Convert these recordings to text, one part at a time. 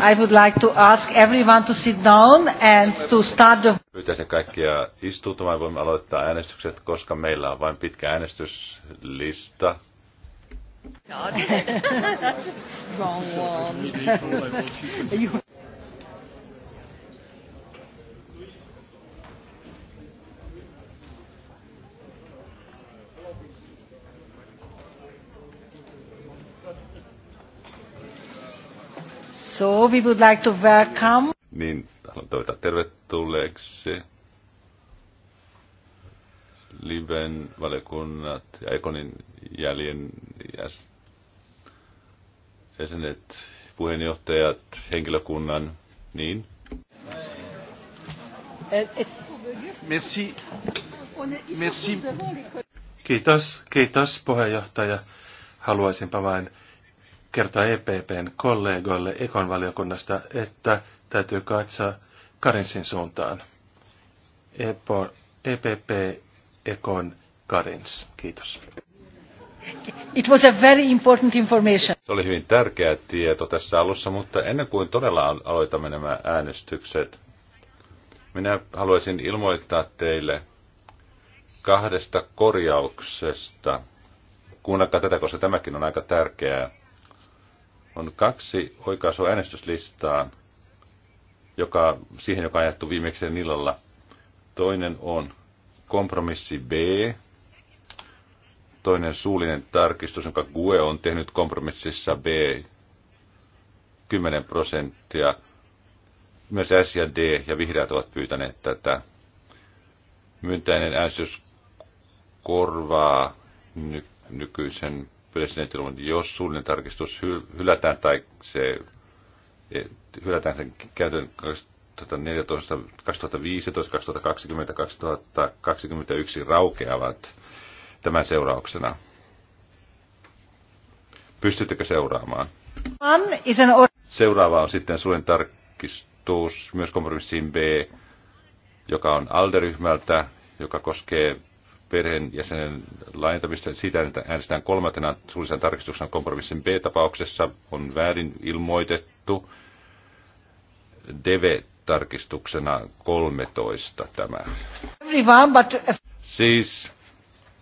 I would like to ask everyone to sit down and to start the... Pyytäisin kaikkia istuutumaan. Voimme aloittaa äänestykset, koska meillä on vain pitkä äänestyslista. God. That's wrong one. you So we would like to welcome. Niin, haluan toivottaa tervetulleeksi Liven valiokunnat ja Ekonin jäljen jäsenet, puheenjohtajat, henkilökunnan, niin. Merci. Merci. Kiitos, kiitos puheenjohtaja. Haluaisinpa vain kertoa EPPn kollegoille Ekon valiokunnasta, että täytyy katsoa Karinsin suuntaan. EPO, EPP Ekon Karins. Kiitos. It was a very important information. Se oli hyvin tärkeä tieto tässä alussa, mutta ennen kuin todella aloitamme nämä äänestykset, minä haluaisin ilmoittaa teille kahdesta korjauksesta. Kuunnelkaa tätä, koska tämäkin on aika tärkeää on kaksi oikaisua äänestyslistaan, joka, siihen, joka on jaettu viimeksi illalla. Toinen on kompromissi B, toinen suullinen tarkistus, jonka GUE on tehnyt kompromississa B 10 prosenttia. Myös S ja D ja vihreät ovat pyytäneet tätä. Myyntäinen äänestys korvaa ny- nykyisen yleisneuvottelun, jos suullinen tarkistus hylätään tai se eh, hylätään sen käytön 2014, 2015, 2020, 2021 raukeavat tämän seurauksena. Pystyttekö seuraamaan? Seuraava on sitten suullinen tarkistus myös kompromissiin B, joka on alderyhmältä, joka koskee perheenjäsenen laajentamista. Siitä äänestetään kolmantena suullisen tarkistuksena kompromissin B-tapauksessa. On väärin ilmoitettu DV-tarkistuksena 13 tämä. Siis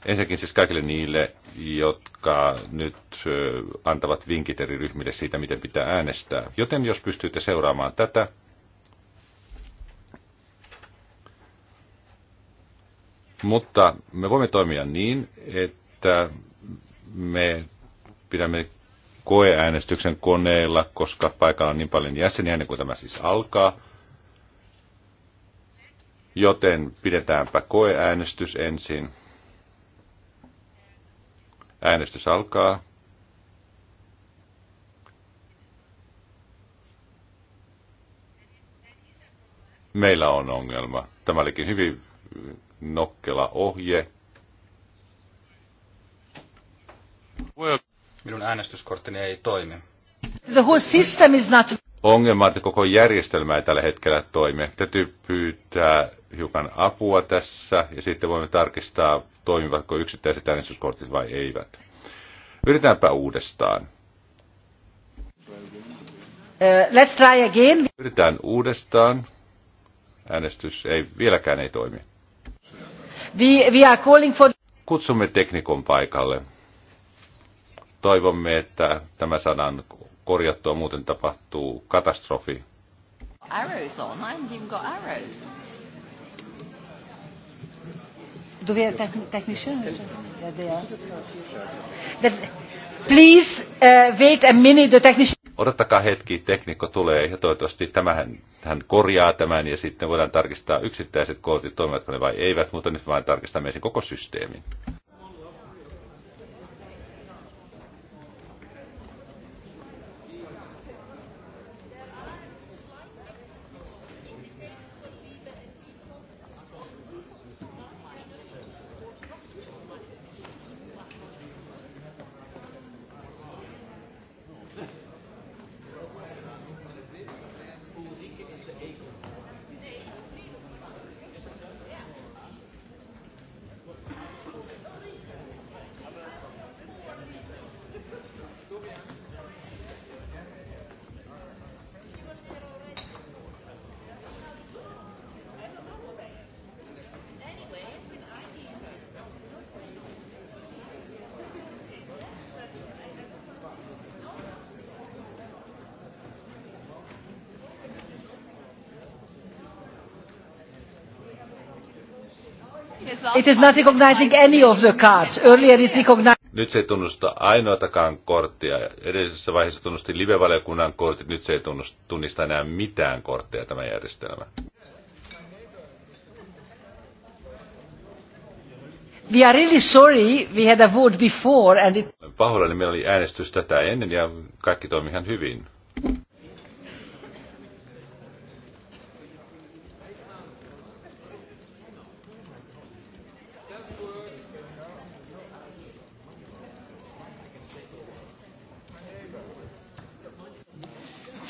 ensinnäkin siis kaikille niille, jotka nyt antavat vinkit eri ryhmille siitä, miten pitää äänestää. Joten jos pystytte seuraamaan tätä, Mutta me voimme toimia niin, että me pidämme koeäänestyksen koneella, koska paikalla on niin paljon jäseniä ennen kuin tämä siis alkaa. Joten pidetäänpä koeäänestys ensin. Äänestys alkaa. Meillä on ongelma. Tämä olikin hyvin nokkela ohje. Minun äänestyskorttini ei toimi. The whole system is not... Ongelma että koko järjestelmä ei tällä hetkellä toimi. Täytyy pyytää hiukan apua tässä ja sitten voimme tarkistaa, toimivatko yksittäiset äänestyskortit vai eivät. Yritetäänpä uudestaan. Uh, let's try again. Yritetään uudestaan. Äänestys ei vieläkään ei toimi. We, we Kutsumme teknikon paikalle. Toivomme, että tämä sanan korjattua, muuten tapahtuu katastrofi. Arrows on, I haven't even got arrows. Do we have techn technicians? Yeah, they are. That, please uh, wait a minute, the technician odottakaa hetki, teknikko tulee ja toivottavasti tämähän, hän korjaa tämän ja sitten voidaan tarkistaa yksittäiset kootit, toimivatko ne vai eivät, mutta nyt vain tarkistamme sen koko systeemin. It is not recognizing any of the cards. Earlier it recognized... Nyt se ei tunnusta ainoatakaan korttia. Edellisessä vaiheessa tunnusti live-valiokunnan kortit. Nyt se ei tunnista enää mitään kortteja tämä järjestelmä. We are really sorry we had a vote before and it... Pahoillani meillä oli äänestys tätä ennen ja kaikki toimi ihan hyvin.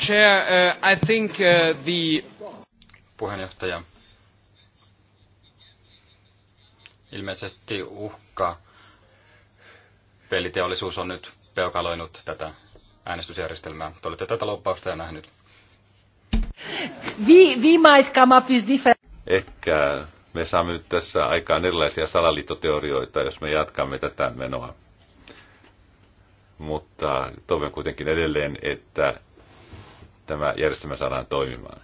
Chair, uh, I think uh, the... Puheenjohtaja. Ilmeisesti uhka peliteollisuus on nyt peukaloinut tätä äänestysjärjestelmää. Te olette tätä loppausta ja nähnyt. We, we might come up with different... Ehkä me saamme nyt tässä aikaan erilaisia salaliittoteorioita, jos me jatkamme tätä menoa. Mutta toivon kuitenkin edelleen, että tämä järjestelmä saadaan toimimaan.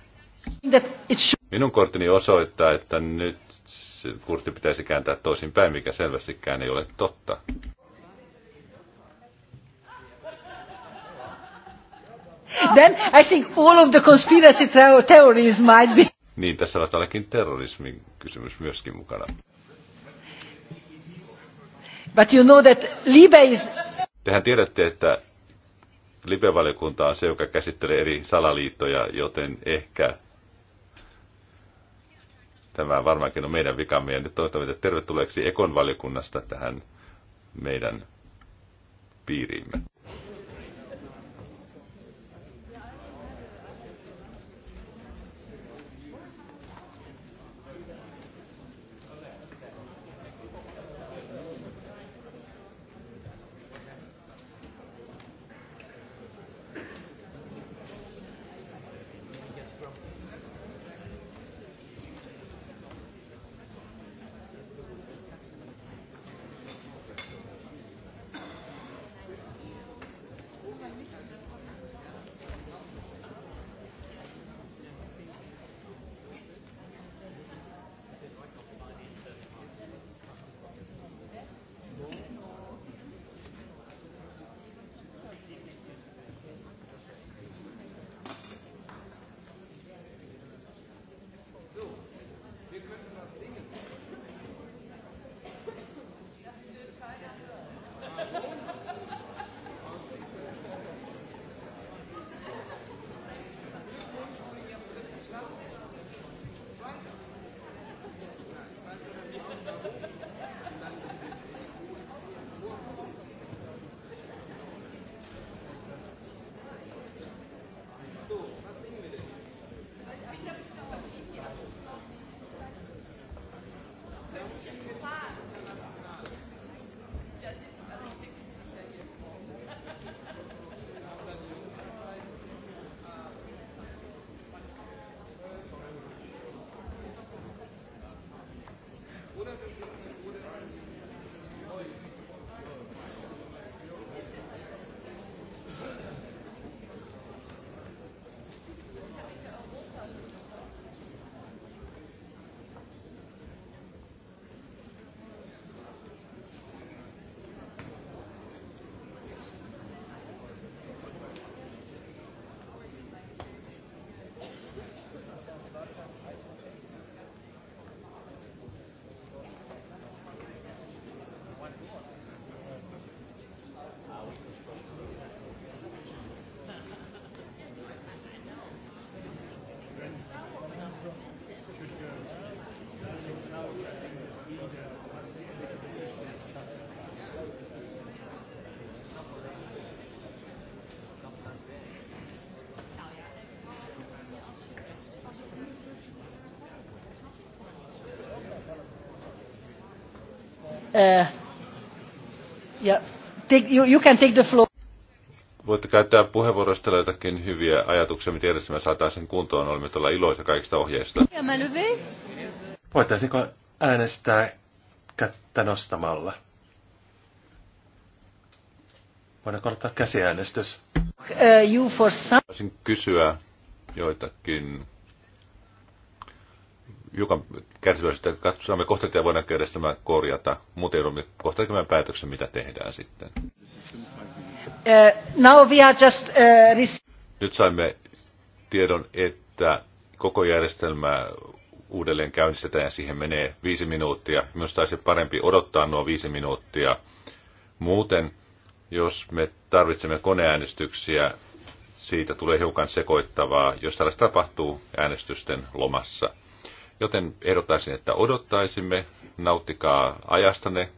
Minun kortini osoittaa, että nyt kurtti pitäisi kääntää toisinpäin, mikä selvästikään ei ole totta. Then I think all of the conspiracy theories might be... Niin, tässä on tälläkin terrorismin kysymys myöskin mukana. But you know that Libe is... Tehän tiedätte, että Lipevaliokunta on se, joka käsittelee eri salaliittoja, joten ehkä tämä varmaankin on meidän vikamme. Ja nyt että tervetulleeksi Ekon valiokunnasta tähän meidän piiriimme. Uh, you, can take the floor. Voitte käyttää puheenvuoroista jotakin hyviä ajatuksia, miten järjestelmä sen kuntoon. Olemme tuolla iloisia kaikista ohjeista. Voitaisiinko äänestää kättä nostamalla? Voidaanko ottaa käsiäänestys? Uh, you for some... Voisin kysyä joitakin Jukan kärsivällisyyttä saamme kohta ja voidaan käydä tämä korjata. Muuten joudumme kohta tekemään päätöksen, mitä tehdään sitten. Uh, now we are just, uh, Nyt saimme tiedon, että koko järjestelmä uudelleen käynnistetään ja siihen menee viisi minuuttia. Minusta olisi parempi odottaa nuo viisi minuuttia. Muuten, jos me tarvitsemme koneäänestyksiä, siitä tulee hiukan sekoittavaa, jos tällaista tapahtuu äänestysten lomassa. Joten ehdottaisin, että odottaisimme, nauttikaa ajastanne,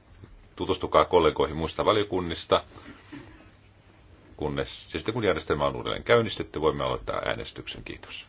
tutustukaa kollegoihin muista valiokunnista, kunnes sitten kun järjestelmä on uudelleen käynnistetty, voimme aloittaa äänestyksen. Kiitos.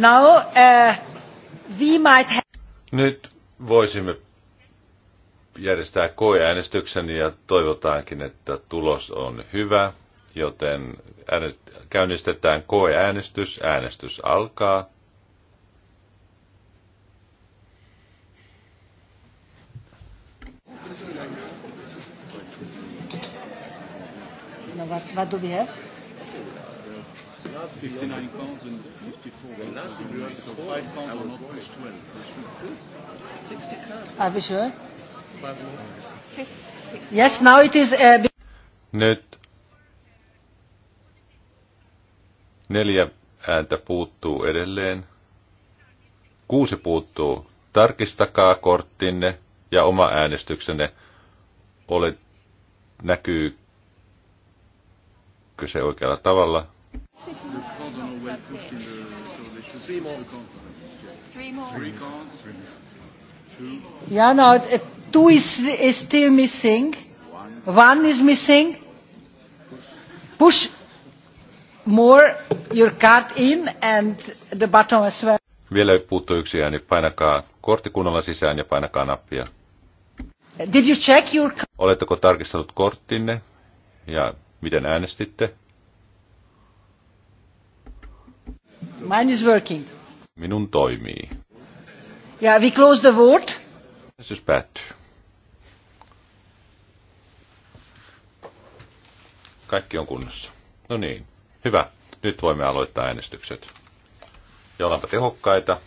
Now, uh, we might have... Nyt voisimme järjestää koeäänestyksen ja toivotaankin, että tulos on hyvä, joten käynnistetään koeäänestys. Äänestys alkaa. What, what do we have? Yes, now it is... Uh, Nyt neljä ääntä puuttuu edelleen. Kuusi puuttuu. Tarkistakaa korttinne ja oma äänestyksenne. Olet, näkyy se oikealla tavalla. Three more. Three more. Three more. Yeah, no, two is, is still missing. One is missing. Push more your card in and the button as well. Vielä puuttuu yksi ääni. Painakaa kortti kunnolla sisään ja painakaa nappia. Did you check your... Oletteko tarkistanut korttinne ja miten äänestitte? Mine is working. Minun toimii. Yeah, we close the vote. Äänestys päättyy. Kaikki on kunnossa. No niin, hyvä. Nyt voimme aloittaa äänestykset. Ja ollaanpa tehokkaita.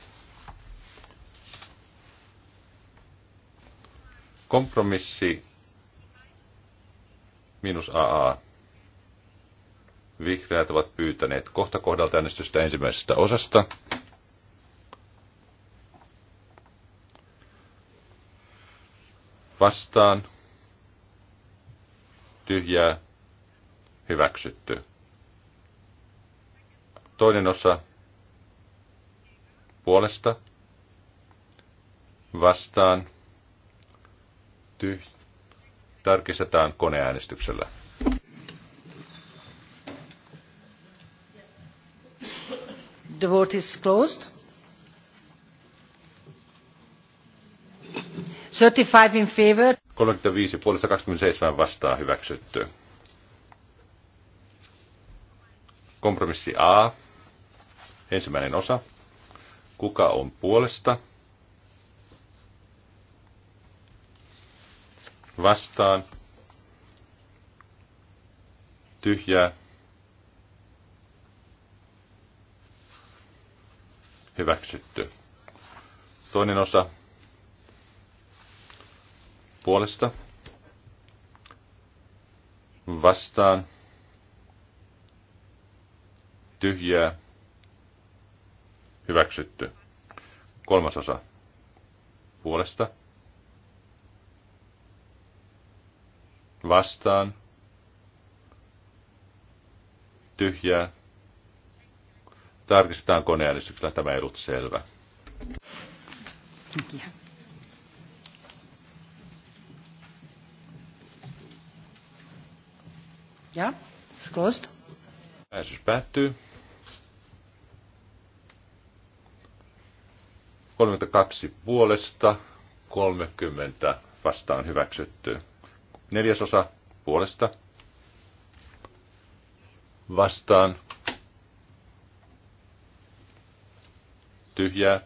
Kompromissi miinus AA. Vihreät ovat pyytäneet kohta kohdalta äänestystä ensimmäisestä osasta. vastaan, tyhjää, hyväksytty. Toinen osa puolesta, vastaan, tyhjää, tarkistetaan koneäänestyksellä. The vote is closed. 35 in favor. 35 puolesta 27 vastaa hyväksytty. Kompromissi A. Ensimmäinen osa. Kuka on puolesta? Vastaan. Tyhjää. Hyväksytty. Toinen osa puolesta vastaan tyhjää hyväksytty. Kolmasosa puolesta vastaan tyhjää. Tarkistetaan koneäänestyksellä tämä ei ollut selvä. Thank you. Ja, it's closed. päättyy. 32 puolesta, 30 vastaan hyväksytty. Neljäsosa puolesta vastaan tyhjää.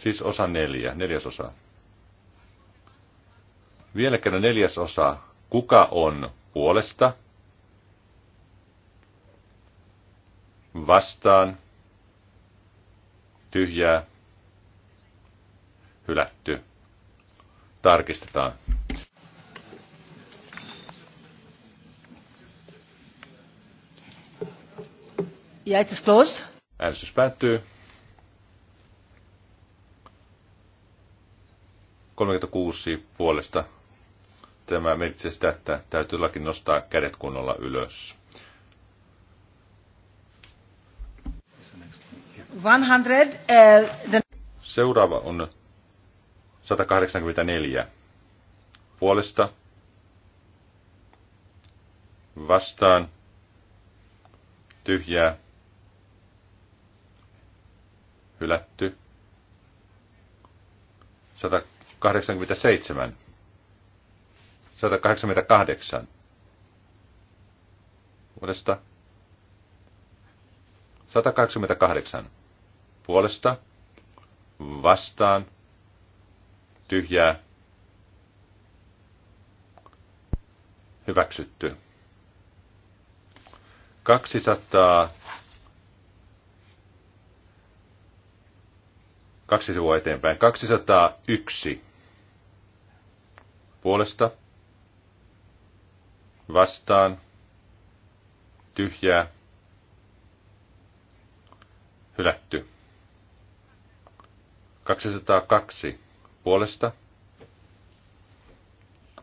Siis osa neljä, neljäsosa. Vielä kerran neljäsosa Kuka on puolesta? Vastaan. Tyhjää. Hylätty. Tarkistetaan. Ja it's closed. Äänestys päättyy. 36 puolesta tämä merkitsee sitä, että täytyy lakin nostaa kädet kunnolla ylös. Uh, Seuraava on 184. Puolesta vastaan tyhjää hylätty 187 188 vuodesta 188 puolesta vastaan tyhjää hyväksytty. 200 kaksi sivua eteenpäin. 201 puolesta vastaan, tyhjää, hylätty. 202 puolesta,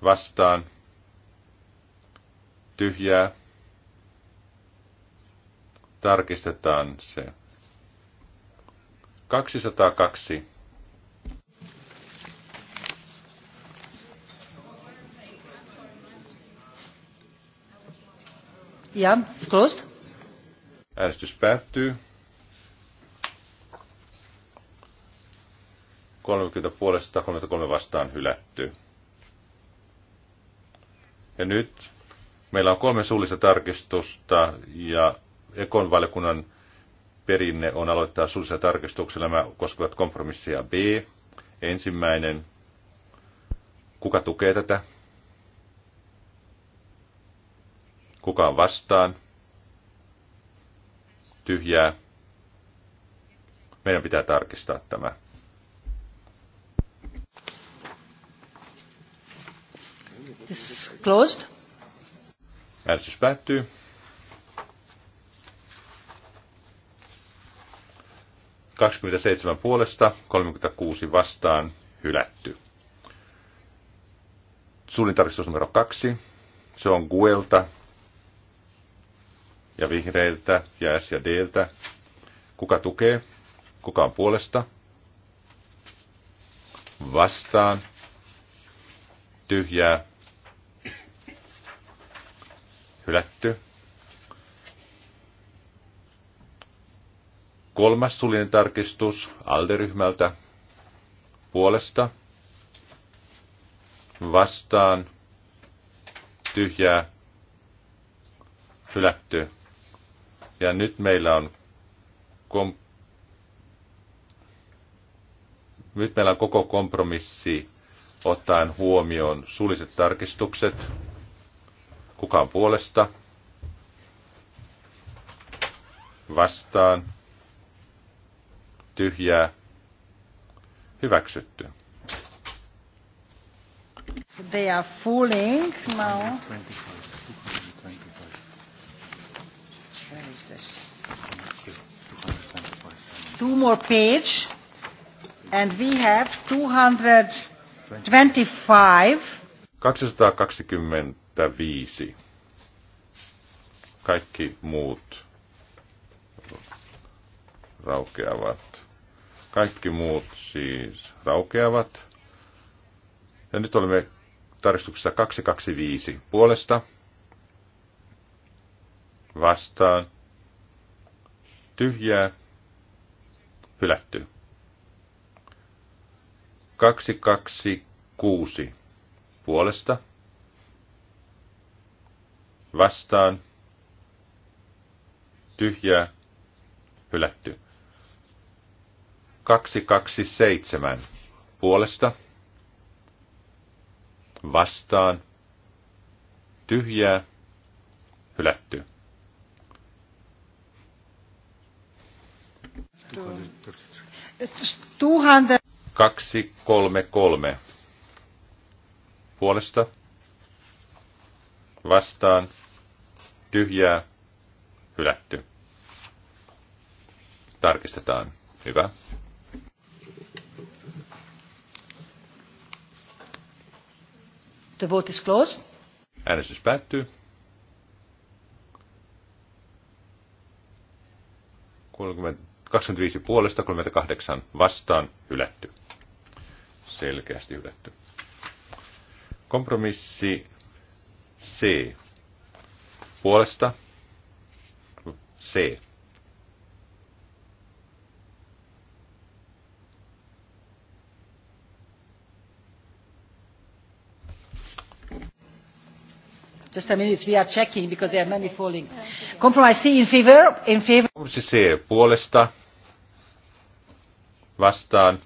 vastaan, tyhjää, tarkistetaan se. 202 Ja, closed. Äänestys päättyy. 30 puolesta, 33 vastaan hylätty. Ja nyt meillä on kolme suullista tarkistusta ja Ekon valiokunnan perinne on aloittaa suullisella tarkistuksella. Nämä koskevat kompromissia B. Ensimmäinen. Kuka tukee tätä? Kukaan vastaan? Tyhjää. Meidän pitää tarkistaa tämä. This closed. Äänestys päättyy. puolesta, 36 vastaan, hylätty. Suunnitarkistus numero kaksi. Se on Guelta ja vihreiltä ja S ja Dltä. Kuka tukee? Kuka on puolesta? Vastaan. Tyhjää. Hylätty. Kolmas tulinen tarkistus Alderyhmältä puolesta vastaan tyhjää hylätty ja nyt meillä on kom- nyt meillä on koko kompromissi ottaen huomioon suulliset tarkistukset. Kukaan puolesta? Vastaan. Tyhjää. Hyväksytty. They are fooling now. Two more page, and we have 225. 225. Kaikki muut raukeavat. Kaikki muut siis raukeavat. Ja nyt olemme tarkistuksessa 225 puolesta vastaan tyhjää, hylätty. 226 puolesta vastaan tyhjää hylätty. 227 puolesta vastaan tyhjää hylätty. Kaksi, kolme, kolme. Puolesta. Vastaan. Tyhjää. Hylätty. Tarkistetaan. Hyvä. The vote is closed. Äänestys päättyy. Kolmekymmentä. 25 puolesta, 38 vastaan, hylätty. Selkeästi hylätty. Kompromissi C. Puolesta C. just a minute, we are checking because there are many falling. Compromise C in favor, in favor. Compromise C puolesta, vastaan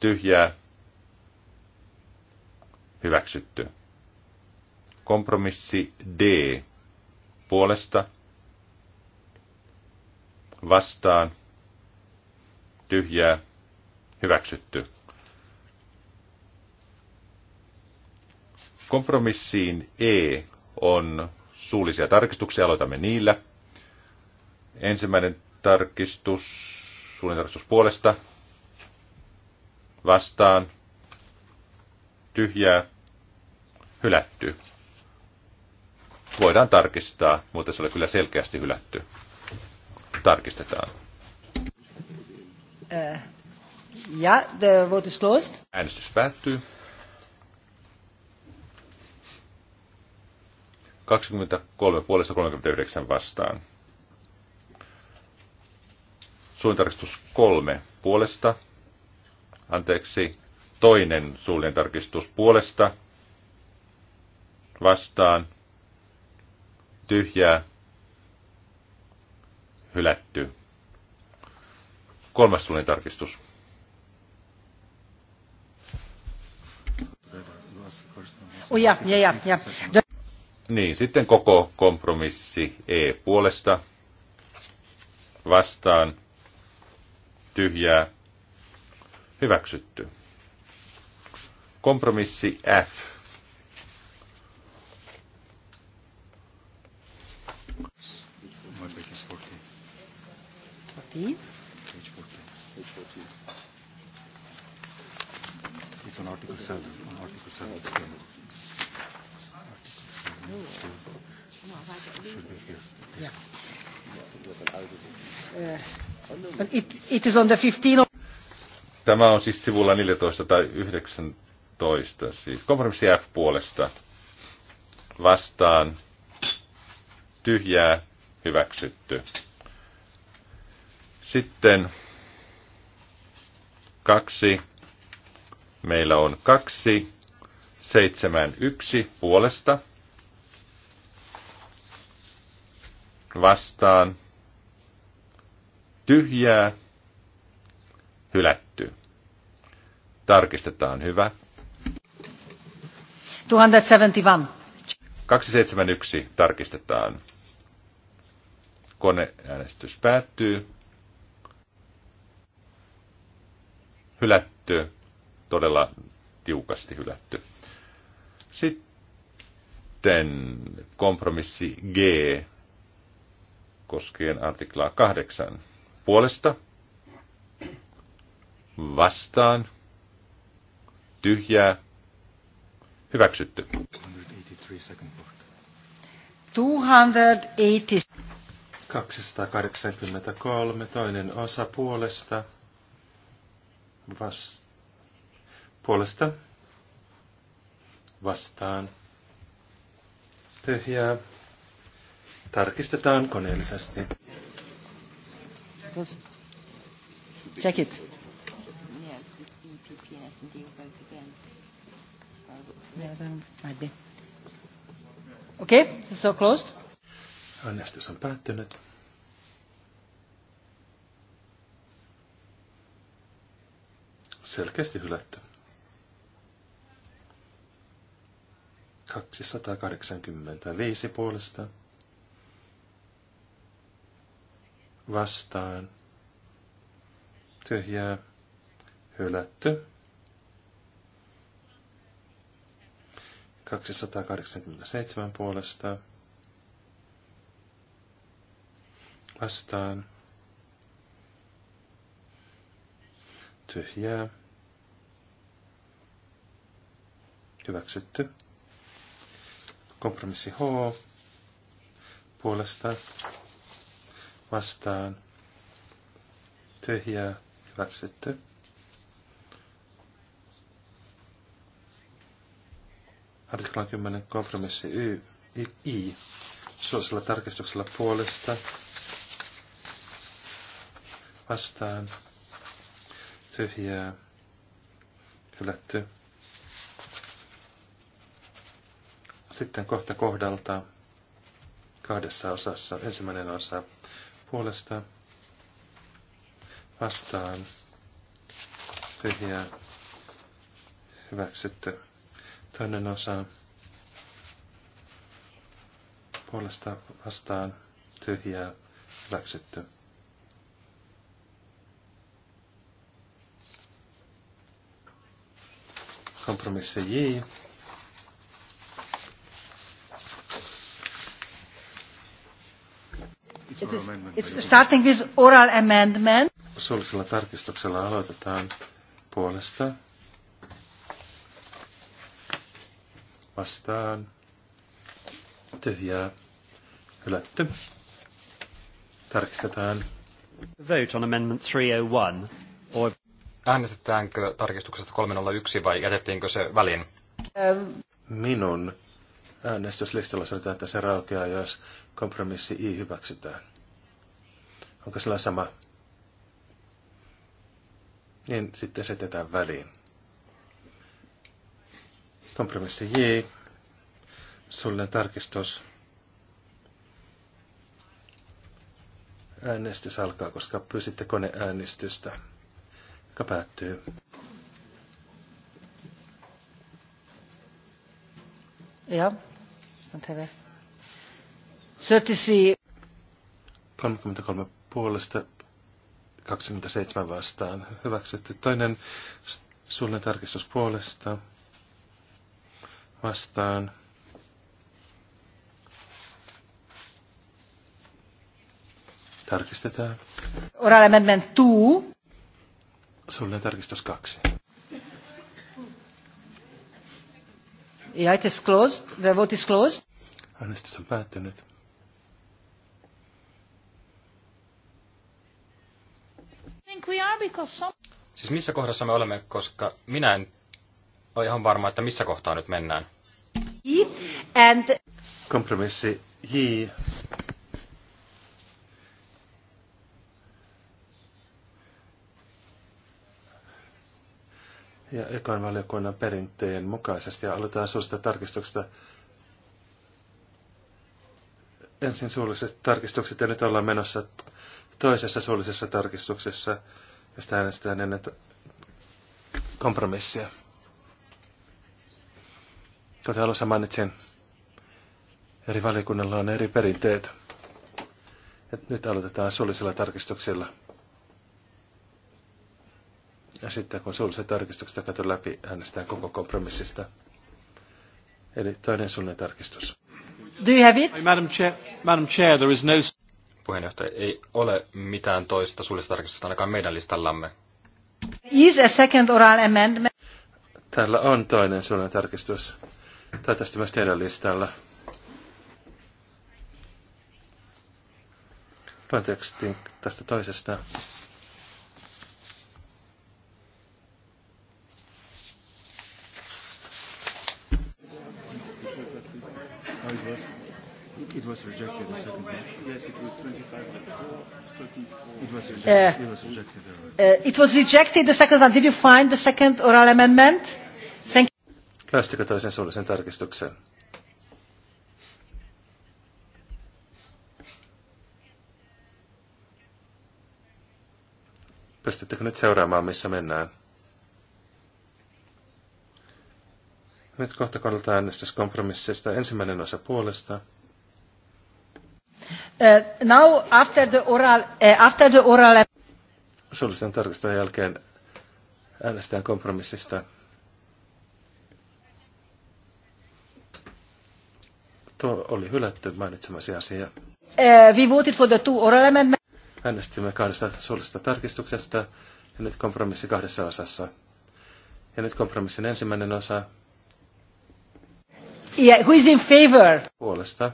tyhjää hyväksytty. Kompromissi D puolesta vastaan tyhjää hyväksytty. Kompromissiin E on suullisia tarkistuksia, aloitamme niillä. Ensimmäinen tarkistus Suullinen tarkistus puolesta. Vastaan. Tyhjää. Hylätty. Voidaan tarkistaa, mutta se oli kyllä selkeästi hylätty. Tarkistetaan. Äh, ja, the vote is closed. Äänestys päättyy. 23 puolesta 39 vastaan. Suunnitarkistus kolme puolesta. Anteeksi, toinen suullinen tarkistus puolesta. Vastaan. Tyhjää. Hylätty. Kolmas suullinen tarkistus. Oh, ja, ja, ja. Niin, sitten koko kompromissi E puolesta vastaan tyhjää, hyväksytty. Kompromissi F. Yeah. Uh, It, it is on the 15 Tämä on siis sivulla 14 tai 19. Siis kompromissi F puolesta vastaan tyhjää hyväksytty. Sitten kaksi. Meillä on kaksi, seitsemän, yksi puolesta vastaan tyhjää, hylätty. Tarkistetaan, hyvä. 271. 271 tarkistetaan. Koneäänestys päättyy. Hylätty, todella tiukasti hylätty. Sitten kompromissi G koskien artiklaa 8 puolesta, vastaan, tyhjää, hyväksytty. 283, toinen osa puolesta, vas, puolesta, vastaan, tyhjää, tarkistetaan koneellisesti was check it. Yeah, the EPP and closed. Äänestys on päättynyt. Selkeästi hylätty. 285 puolesta vastaan tyhjää hylätty. 287 puolesta vastaan tyhjää hyväksytty. Kompromissi H puolesta vastaan tyhjää hyväksytty. Artikla 10 kompromissi y, I, I suosilla tarkistuksella puolesta vastaan tyhjää hylätty. Sitten kohta kohdalta kahdessa osassa. Ensimmäinen osa puolesta vastaan tyhjää hyväksytty. Toinen osa puolesta vastaan tyhjää hyväksytty. Kompromissi J Suullisella tarkistuksella aloitetaan puolesta. Vastaan. Tyhjää. Hylätty. Tarkistetaan. Vote on amendment 301. Or... Äänestetäänkö tarkistuksesta 301 vai jätettiinkö se väliin? Um. Minun äänestyslistalla sanotaan, että se raukeaa, jos kompromissi I hyväksytään. Onko sillä sama? Niin sitten setetään väliin. Kompromissi J. Sulle tarkistus. Äänestys alkaa, koska pyysitte koneäänestystä, joka päättyy. Ja, on TV. 33 puolesta 27 vastaan hyväksytty. Toinen suullinen tarkistus puolesta vastaan Tarkistetaan. Oral amendment 2. Suullinen tarkistus kaksi Yeah, it is closed. The vote is closed. Äänestys on päättynyt. Siis missä kohdassa me olemme, koska minä en ole ihan varma, että missä kohtaa nyt mennään. And... Kompromissi J. Ja ekan valiokunnan perinteen mukaisesti ja aloitetaan suurista tarkistuksista Ensin suulliset tarkistukset ja nyt ollaan menossa toisessa suullisessa tarkistuksessa Tästä äänestetään ennen kompromissia. Kuten alussa mainitsin, eri valiokunnilla on eri perinteet. Et nyt aloitetaan suullisilla tarkistuksilla. Ja sitten kun suulliset tarkistukset on käyty läpi, äänestetään koko kompromissista. Eli toinen suullinen tarkistus. Do you have it? Madam Chair, Madam Chair, there is no puheenjohtaja, ei ole mitään toista tarkistusta ainakaan meidän listallamme. Is a second oral amendment. Täällä on toinen suullinen tarkistus. Toivottavasti myös teidän listalla. Luen tekstin tästä toisesta. Uh, uh, it was rejected, the second one. Did you find the second oral amendment? Thank you. Päästikö toisen suullisen tarkistukseen? Pystyttekö nyt seuraamaan, missä mennään? Nyt kohta kohdataan äänestyskompromissista ensimmäinen osa puolesta. Uh, now after the oral, uh, after the oral... Suullisen tarkastelun jälkeen äänestetään kompromissista. Tuo oli hylätty mainitsemasi asia. Uh, we voted for the two oral amendments. Äänestimme kahdesta suullisesta tarkistuksesta ja nyt kompromissi kahdessa osassa. Ja nyt kompromissin ensimmäinen osa. Yeah, who is in favor? Puolesta.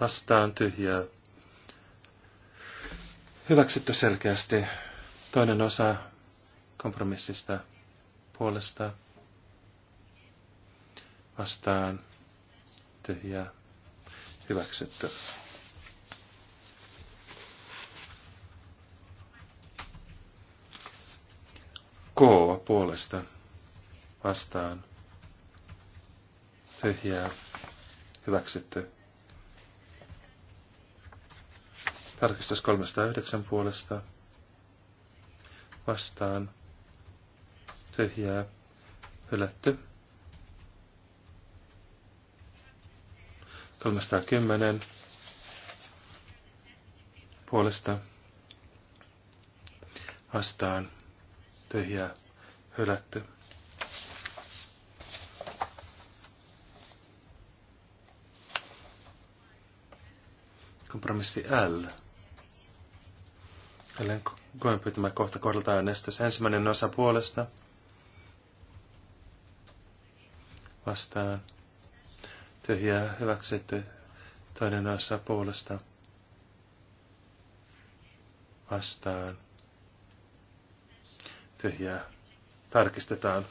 vastaan tyhjää. Hyväksytty selkeästi. Toinen osa kompromissista puolesta vastaan tyhjää. Hyväksytty. K puolesta vastaan tyhjää hyväksytty. Tarkistus 309 puolesta vastaan tyhjää hylätty. 310 puolesta vastaan tyhjää hylätty. Kompromissi L Jälleen koen pyytämään kohta kohdalta äänestys. Ensimmäinen osa puolesta. Vastaan. Tyhjää hyväksytty. Toinen osa puolesta. Vastaan. Tyhjää. Tarkistetaan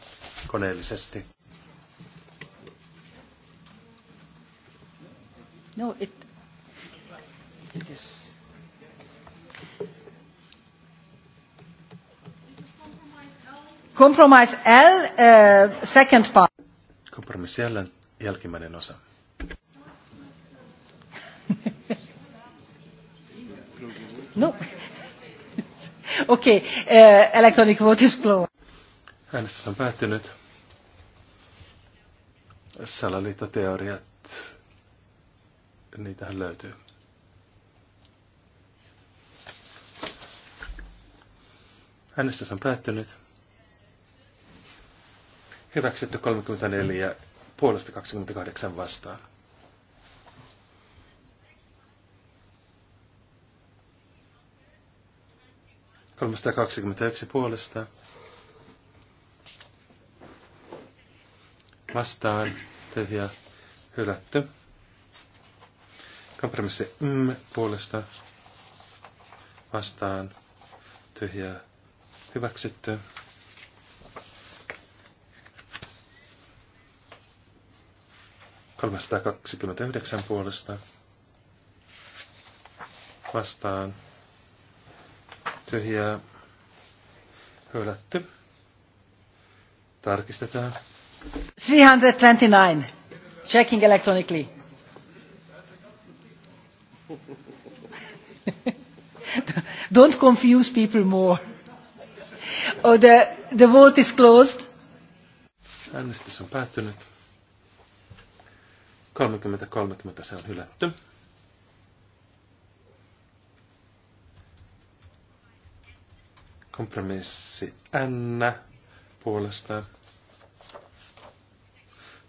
koneellisesti. No, it, it is Kompromiss L, uh, second part. Kompromissi L, jälkimmäinen osa. no. Okei, okay. uh, electronic vote is closed. Äänestys on päättynyt. Salaliittoteoriat, niitähän löytyy. Äänestys on päättynyt. Hyväksytty 34, puolesta 28 vastaan. Kolmesta kaksikymmentäyksi puolesta. Vastaan tyhjä hylätty. Kompromissi M puolesta vastaan tyhjä hyväksytty. 329 puolesta vastaan tyhjää hylätty. Tarkistetaan. 329. Checking electronically. Don't confuse people more. Oh, the, the vote is closed. Äänestys on päättynyt. 30-30 se on hylätty. Kompromissi N puolesta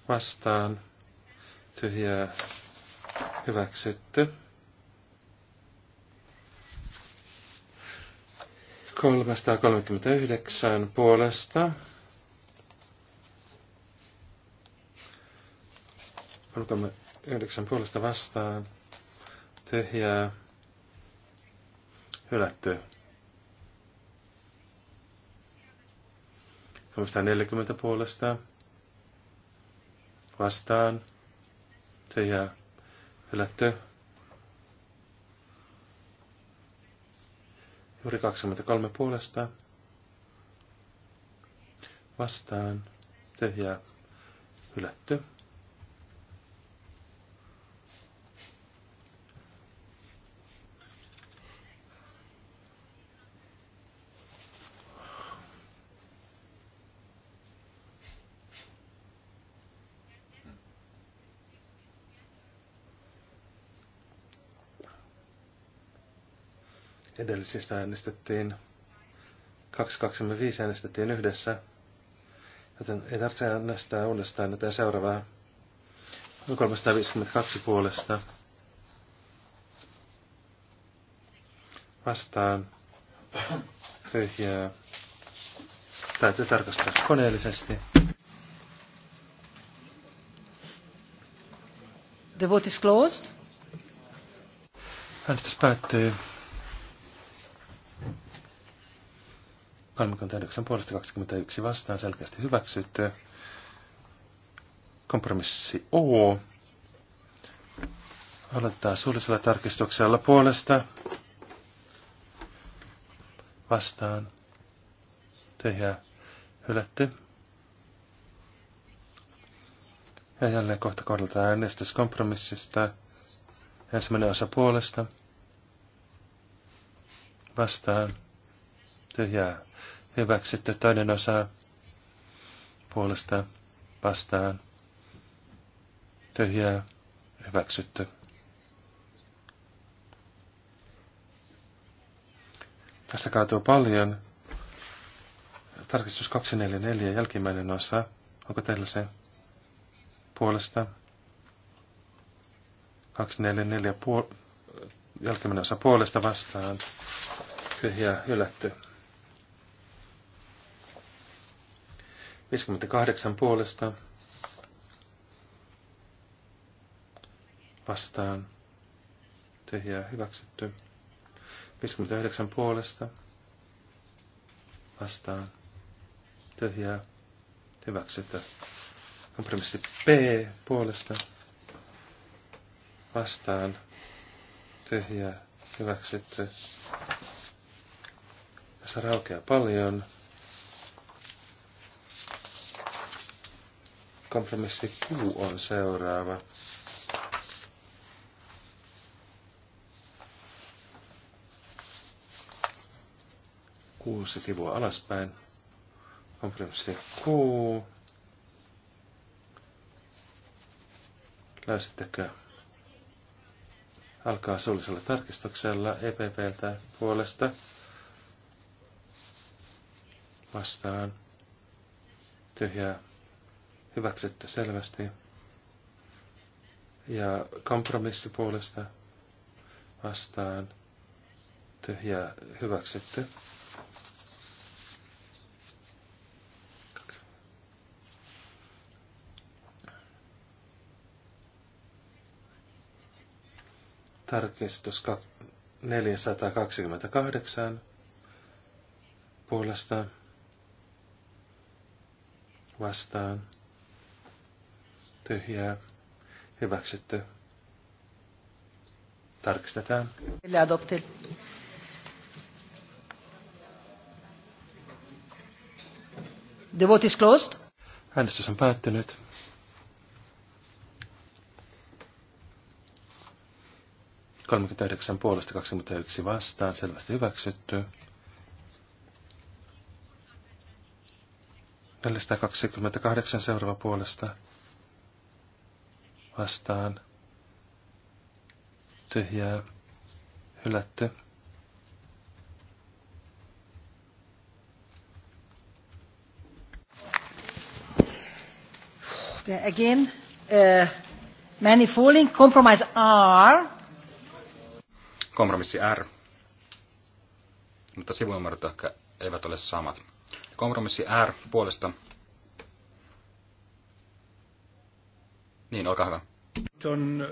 vastaan tyhjää hyväksytty. 339 puolesta Alkamme yhdeksän puolesta vastaan. Tyhjää. Hylätty. 340 puolesta vastaan. Tyhjää. Hylätty. Juuri 23 puolesta vastaan. Tyhjää. Hylätty. Siis äänestettiin 225 äänestettiin yhdessä, joten ei tarvitse äänestää uudestaan tätä seuraavaa 352 puolesta. Vastaan tyhjää. Täytyy tarkastaa koneellisesti. The vote is closed. Äänestys päättyy. 39 puolesta 21 vastaan selkeästi hyväksytty. Kompromissi O. Aloitetaan suullisella tarkistuksella puolesta. Vastaan. Tyhjää. Hylätty. Ja jälleen kohta kohdalta äänestys kompromissista. Ensimmäinen osa puolesta. Vastaan. Tyhjää hyväksytty. Toinen osa puolesta vastaan tyhjää hyväksytty. Tässä kaatuu paljon. Tarkistus 244, jälkimmäinen osa. Onko teillä se puolesta? 244 puol- jälkimmäinen osa puolesta vastaan. Tyhjää hylätty. 58 puolesta vastaan tyhjää hyväksytty. 59 puolesta vastaan tyhjää hyväksytty. Kompromissi P puolesta vastaan tyhjää hyväksytty. Tässä raukeaa paljon. Kompromissi Q on seuraava. Kuusi sivua alaspäin. Kompromissi Q. Läysittekö? Alkaa suullisella tarkistuksella EPPltä puolesta vastaan tyhjää hyväksytty selvästi. Ja kompromissi puolesta vastaan tyhjää hyväksytty. Tarkistus 428 puolesta vastaan tyhjää, hyväksytty. Tarkistetaan. Le adopté. The vote is closed. Äänestys on päättynyt. Kolmekymmentäyhdeksän puolesta 21 vastaan, selvästi hyväksytty. 428 seuraava puolesta vastaan tyhjää hylätty. Again, uh, manifolding compromise R. Kompromissi R. Mutta sivunumerot ehkä eivät ole samat. Kompromissi R puolesta Niin, olkaa hyvä. John...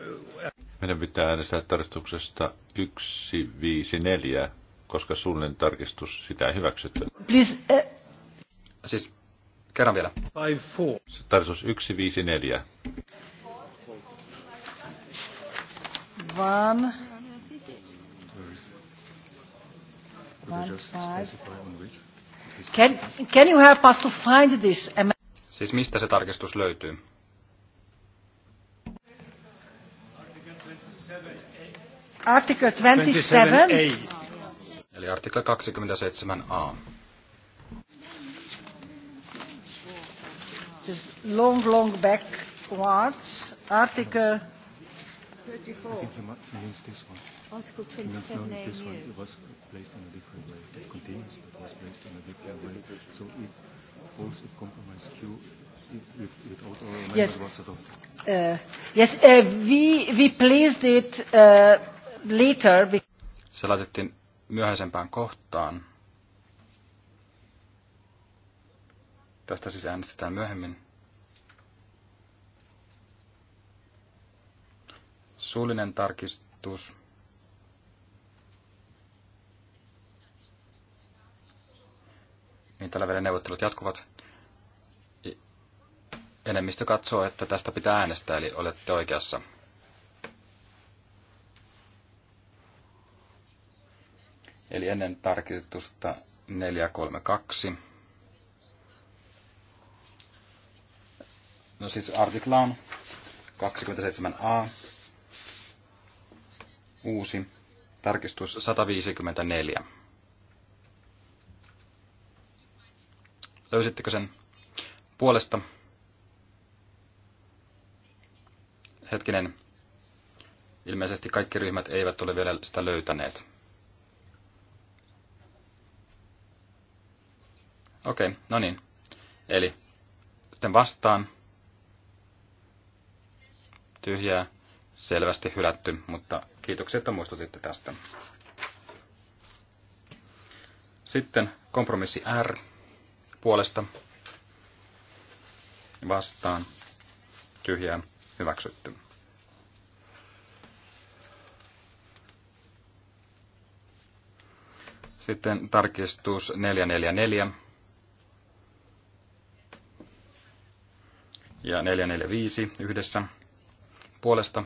Meidän pitää äänestää tarkistuksesta 154, koska suunnilleen tarkistus sitä ei hyväksytty. Please, uh... Siis kerran vielä. Tarkistus 154. One. One can, can you help us to find this? Siis mistä se tarkistus löytyy? Article 27. Eli artikla 27a. This long, long backwards. Article 34. yes. Uh, yes, uh, we, we placed it uh, later. Se laitettiin myöhäisempään kohtaan. Tästä siis äänestetään myöhemmin. Suullinen tarkistus. Niin tällä vielä neuvottelut jatkuvat. Enemmistö katsoo, että tästä pitää äänestää, eli olette oikeassa. Eli ennen tarkistusta 432. No siis artikla on 27a, uusi, tarkistus 154. Löysittekö sen puolesta? Hetkinen, ilmeisesti kaikki ryhmät eivät ole vielä sitä löytäneet. Okei, okay, no niin. Eli sitten vastaan. Tyhjää, selvästi hylätty, mutta kiitoksia, että muistutitte tästä. Sitten kompromissi R puolesta vastaan tyhjää hyväksytty. Sitten tarkistus 444 ja 445 yhdessä puolesta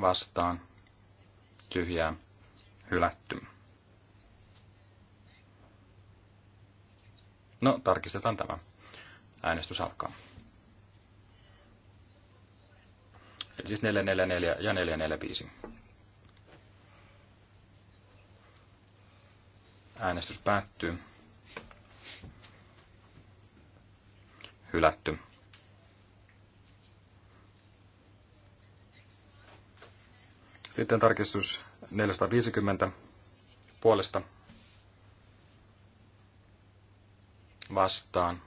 vastaan tyhjää hylätty. No, tarkistetaan tämä. Äänestys alkaa. Eli siis 444 ja 445. Äänestys päättyy. hylätty. Sitten tarkistus 450 puolesta vastaan.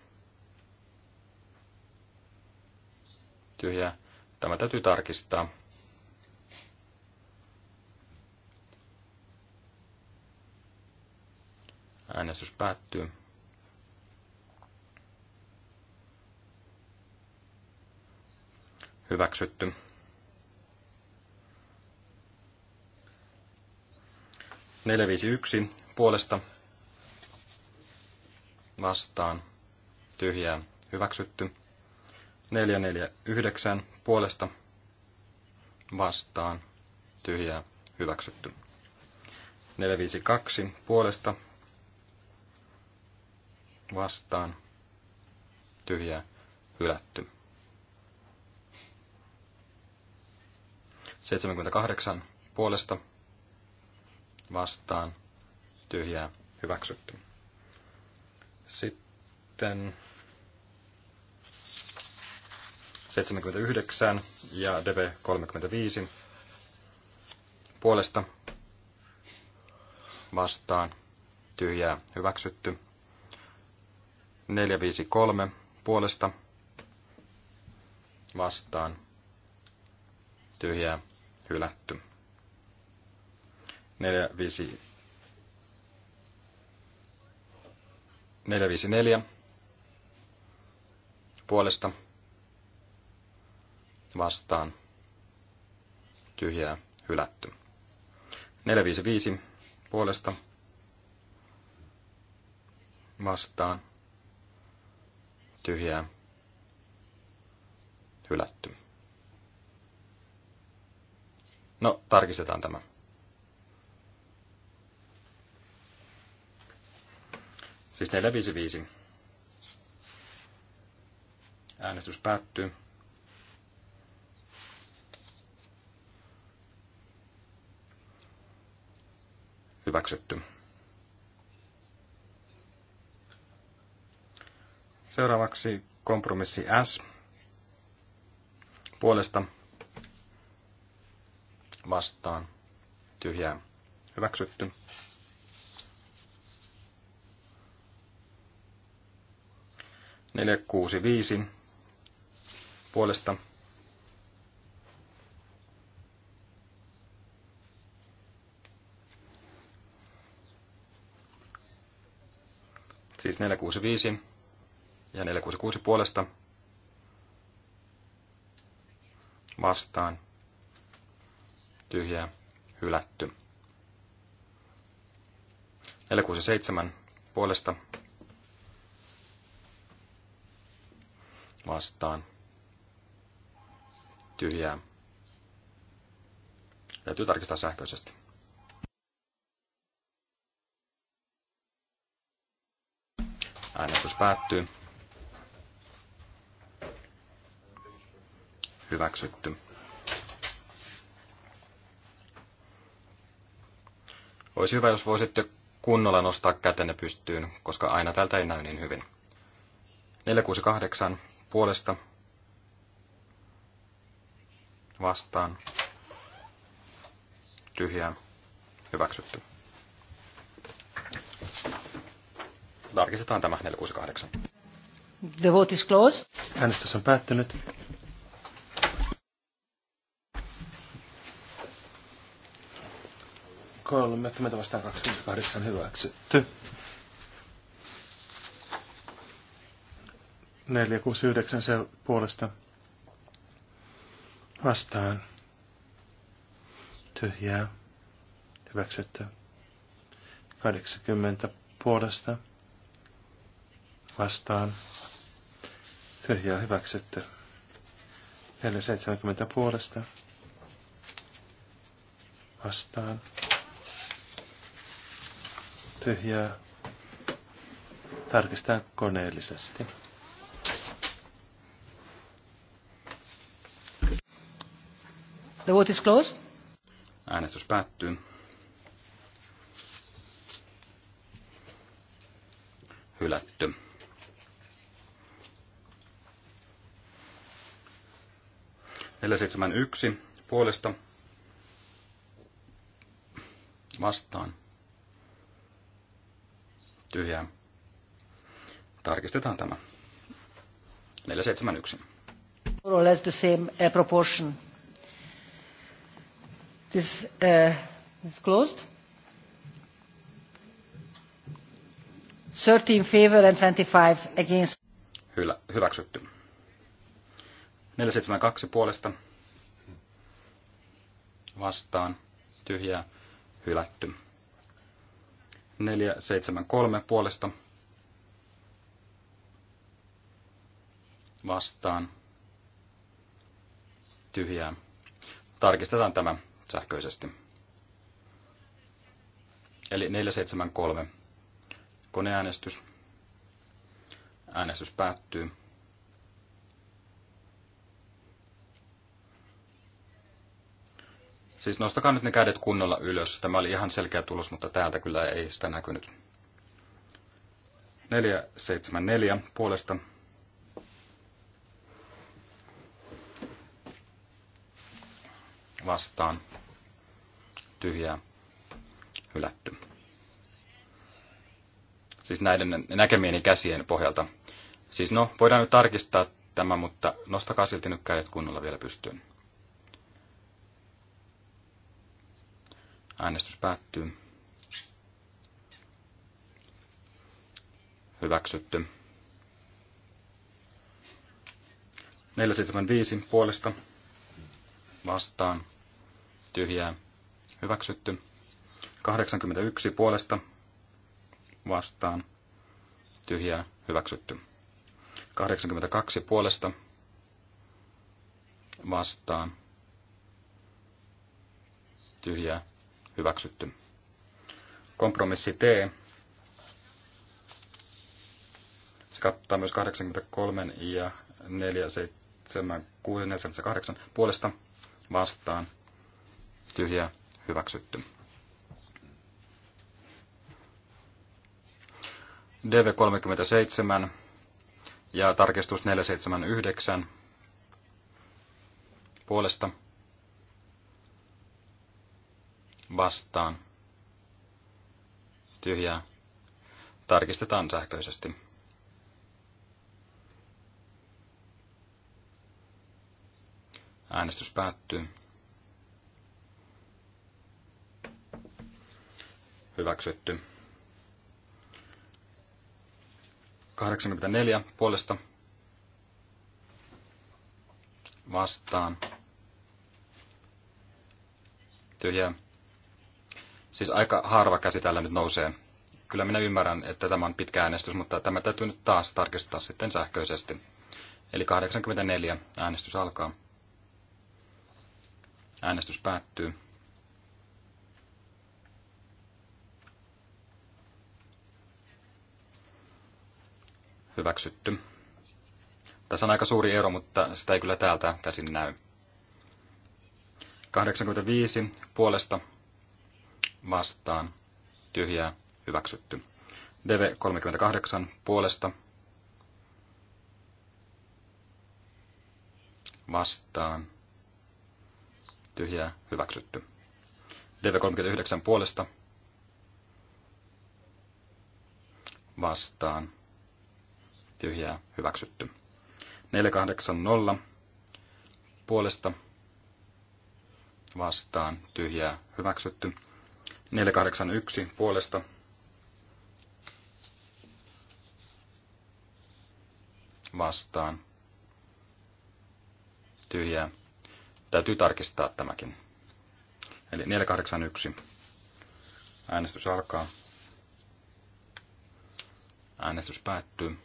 Tyhjä. Tämä täytyy tarkistaa. Äänestys päättyy. hyväksytty. Neljä viisi yksi puolesta vastaan tyhjää hyväksytty. yhdeksän puolesta vastaan tyhjää hyväksytty. kaksi puolesta vastaan tyhjää hylätty. 78 puolesta vastaan tyhjää hyväksytty. Sitten 79 ja DV 35 puolesta vastaan tyhjää hyväksytty. 453 puolesta vastaan tyhjää hylätty. 454 puolesta vastaan tyhjää hylätty. 455 puolesta vastaan tyhjää hylätty. No, tarkistetaan tämä. Siis 455. Äänestys päättyy. Hyväksytty. Seuraavaksi kompromissi S puolesta vastaan tyhjää hyväksytty. Neljä, kuusi, viisi puolesta siis 465 ja 466 puolesta vastaan tyhjää, hylätty. 467 puolesta vastaan tyhjää. Täytyy tarkistaa sähköisesti. Äänestys päättyy. Hyväksytty. Olisi hyvä, jos voisitte kunnolla nostaa kätenne pystyyn, koska aina tältä ei näy niin hyvin. 468 puolesta vastaan tyhjää hyväksytty. Tarkistetaan tämä 468. The vote is closed. Äänestys on päättynyt. 30 vastaan 28 hyväksytty. 469 se puolesta vastaan. Tyhjää. Hyväksytty. 80 puolesta vastaan. Tyhjää hyväksytty. 470 puolesta vastaan tyhjää. Tarkistetaan koneellisesti. The vote is closed. Äänestys päättyy. Hylätty. Neljä seitsemän yksi puolesta vastaan tyhjää. Tarkistetaan tämä. 471. More or less the same uh, proportion. This uh, is closed. 30 in favor and 25 against. Hylä, hyväksytty. 472 puolesta vastaan tyhjää hylätty. 473 puolesta vastaan tyhjää. Tarkistetaan tämä sähköisesti. Eli 473. Koneäänestys. Äänestys päättyy. Siis nostakaa nyt ne kädet kunnolla ylös. Tämä oli ihan selkeä tulos, mutta täältä kyllä ei sitä näkynyt. 474 puolesta. Vastaan. Tyhjää. Hylätty. Siis näiden näkemieni käsien pohjalta. Siis no, voidaan nyt tarkistaa tämä, mutta nostakaa silti nyt kädet kunnolla vielä pystyyn. Äänestys päättyy. Hyväksytty. 475 puolesta vastaan tyhjää hyväksytty. 81 puolesta vastaan tyhjää hyväksytty. 82 puolesta vastaan tyhjää hyväksytty. Kompromissi T. Se kattaa myös 83 ja 476 478 puolesta vastaan tyhjä hyväksytty. DV37 ja tarkistus 479 puolesta vastaan tyhjää tarkistetaan sähköisesti. Äänestys päättyy. Hyväksytty. 84 puolesta vastaan. Tyhjää Siis aika harva käsi täällä nyt nousee. Kyllä minä ymmärrän, että tämä on pitkä äänestys, mutta tämä täytyy nyt taas tarkistaa sitten sähköisesti. Eli 84 äänestys alkaa. Äänestys päättyy. Hyväksytty. Tässä on aika suuri ero, mutta sitä ei kyllä täältä käsin näy. 85 puolesta vastaan, tyhjää, hyväksytty. DV38 puolesta, vastaan, tyhjää, hyväksytty. DV39 puolesta, vastaan, tyhjää, hyväksytty. 480 puolesta, vastaan, tyhjää, hyväksytty. 481 puolesta vastaan tyhjää. Täytyy tarkistaa tämäkin. Eli 481. Äänestys alkaa. Äänestys päättyy.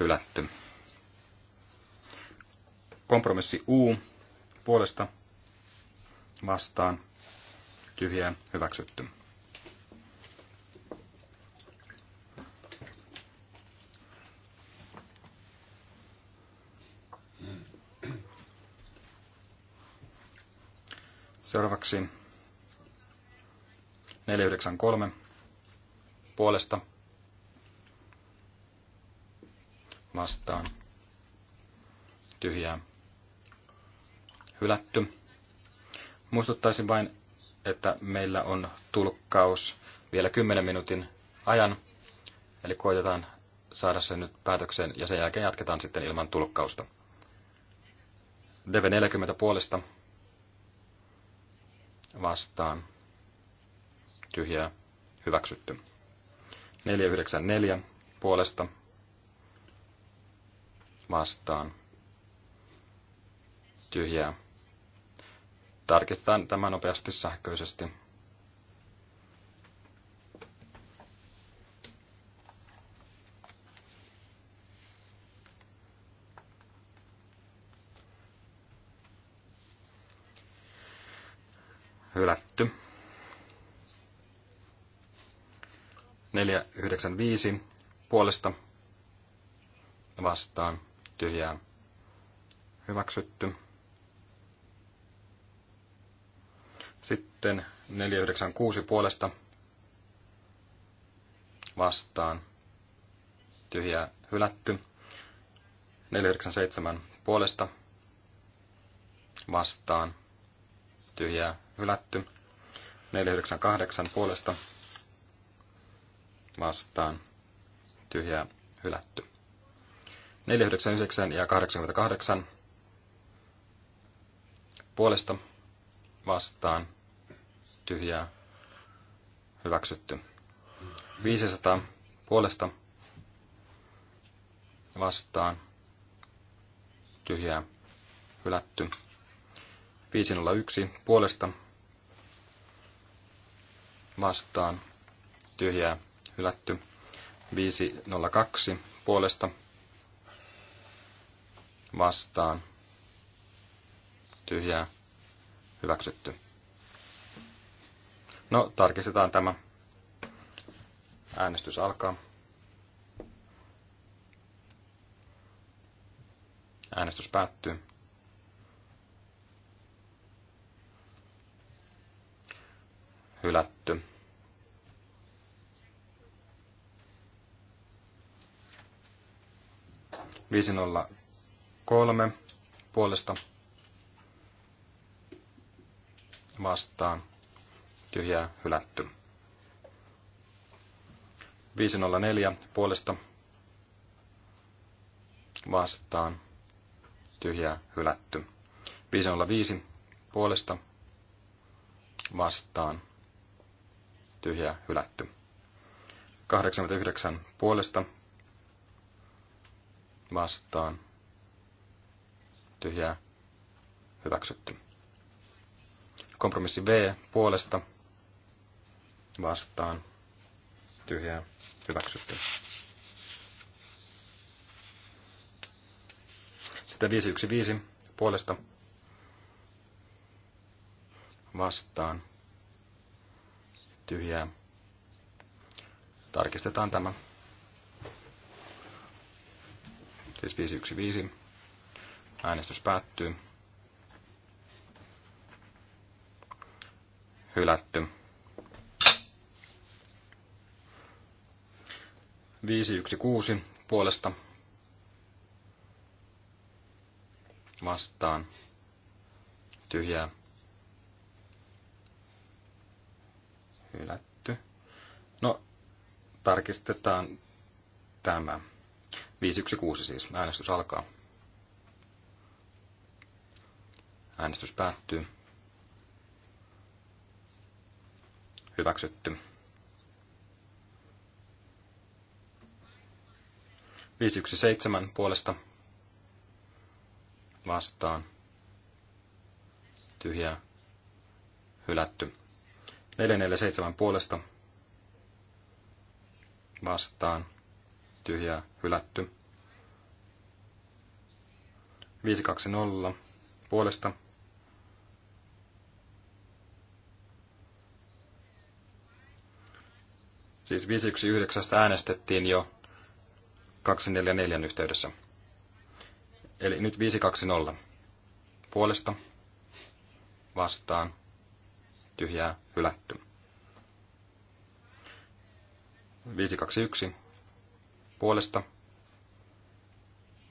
Hylätty. Kompromissi U puolesta vastaan tyhjää hyväksytty. Seuraavaksi 493 puolesta vastaan tyhjää hylätty. Muistuttaisin vain, että meillä on tulkkaus vielä 10 minuutin ajan, eli koitetaan saada sen nyt päätökseen ja sen jälkeen jatketaan sitten ilman tulkkausta. DV40 puolesta vastaan tyhjää hyväksytty. 494 puolesta vastaan tyhjää Tarkistetaan tämä nopeasti sähköisesti. Hylätty. 495 puolesta vastaan tyhjää hyväksytty. Sitten 496 puolesta vastaan tyhjä hylätty. 497 puolesta vastaan tyhjä hylätty. 498 puolesta vastaan tyhjä hylätty. 499 ja 88 puolesta vastaan tyhjää hyväksytty. 500 puolesta vastaan tyhjää hylätty. 501 puolesta vastaan tyhjää hylätty. 502 puolesta vastaan tyhjää hyväksytty. No, tarkistetaan tämä. Äänestys alkaa. Äänestys päättyy. Hylätty. Viisi nolla kolme puolesta vastaan tyhjää hylätty. 504 puolesta vastaan tyhjää hylätty. 505 puolesta vastaan tyhjää hylätty. 89 puolesta vastaan tyhjää hyväksytty. Kompromissi V puolesta vastaan tyhjää hyväksytty. Sitten 515 puolesta vastaan tyhjää. Tarkistetaan tämä. Siis 515. Äänestys päättyy. Hylätty. 516 puolesta vastaan tyhjää hylätty. No, tarkistetaan tämä. 516 siis. Äänestys alkaa. Äänestys päättyy. Hyväksytty. 517 puolesta vastaan tyhjää hylätty. 447 puolesta vastaan tyhjää hylätty. 520 puolesta Siis 519 äänestettiin jo 244 yhteydessä. Eli nyt 520. Puolesta, vastaan, tyhjää, hylätty. 521. Puolesta,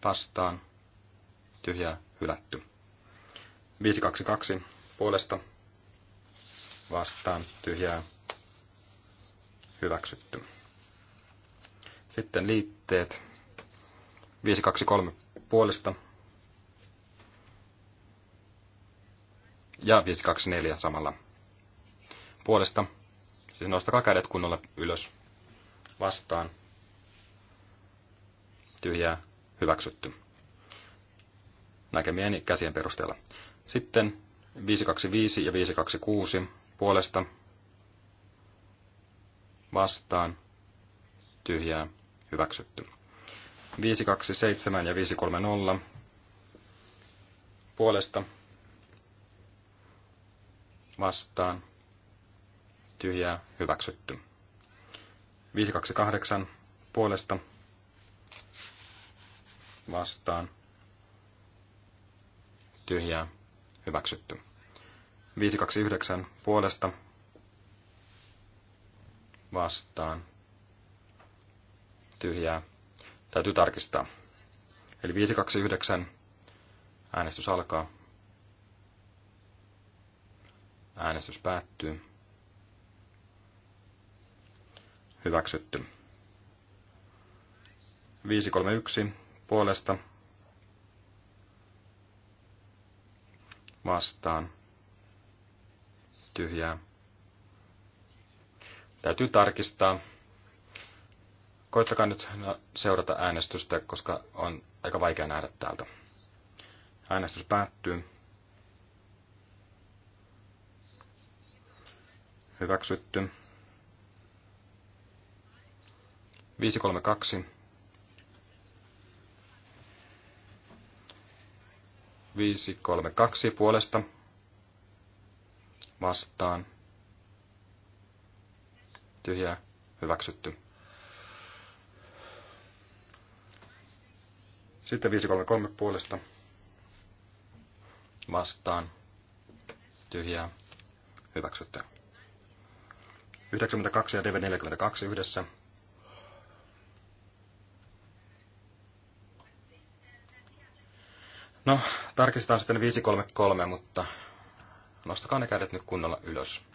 vastaan, tyhjää, hylätty. 522. Puolesta, vastaan, tyhjää, hyväksytty. Sitten liitteet. 523 puolesta. Ja 524 samalla puolesta. Siis nostakaa kädet kunnolla ylös vastaan. Tyhjää hyväksytty. Näkemieni käsien perusteella. Sitten 525 ja 526 puolesta vastaan tyhjää hyväksytty. 527 ja 530 puolesta vastaan tyhjää hyväksytty. 528 puolesta vastaan tyhjää hyväksytty. 529 puolesta vastaan tyhjää. Täytyy tarkistaa. Eli 529 äänestys alkaa. Äänestys päättyy. Hyväksytty. 531 puolesta vastaan tyhjää. Täytyy tarkistaa. Koittakaa nyt seurata äänestystä, koska on aika vaikea nähdä täältä. Äänestys päättyy. Hyväksytty. 532. 532 puolesta vastaan. Tyhjä. hyväksytty. Sitten 533 puolesta vastaan tyhjää hyväksytty. 92 ja DV42 yhdessä. No, tarkistetaan sitten 533, mutta nostakaa ne kädet nyt kunnolla ylös.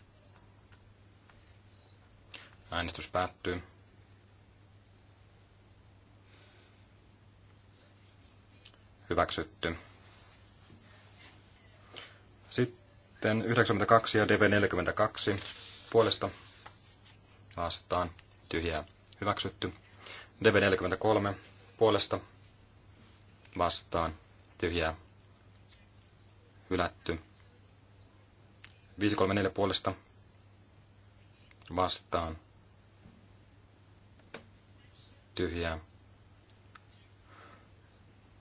Äänestys päättyy. hyväksytty. Sitten 92 ja DV42 puolesta vastaan tyhjää hyväksytty. DV43 puolesta vastaan tyhjää hylätty. 534 puolesta vastaan tyhjää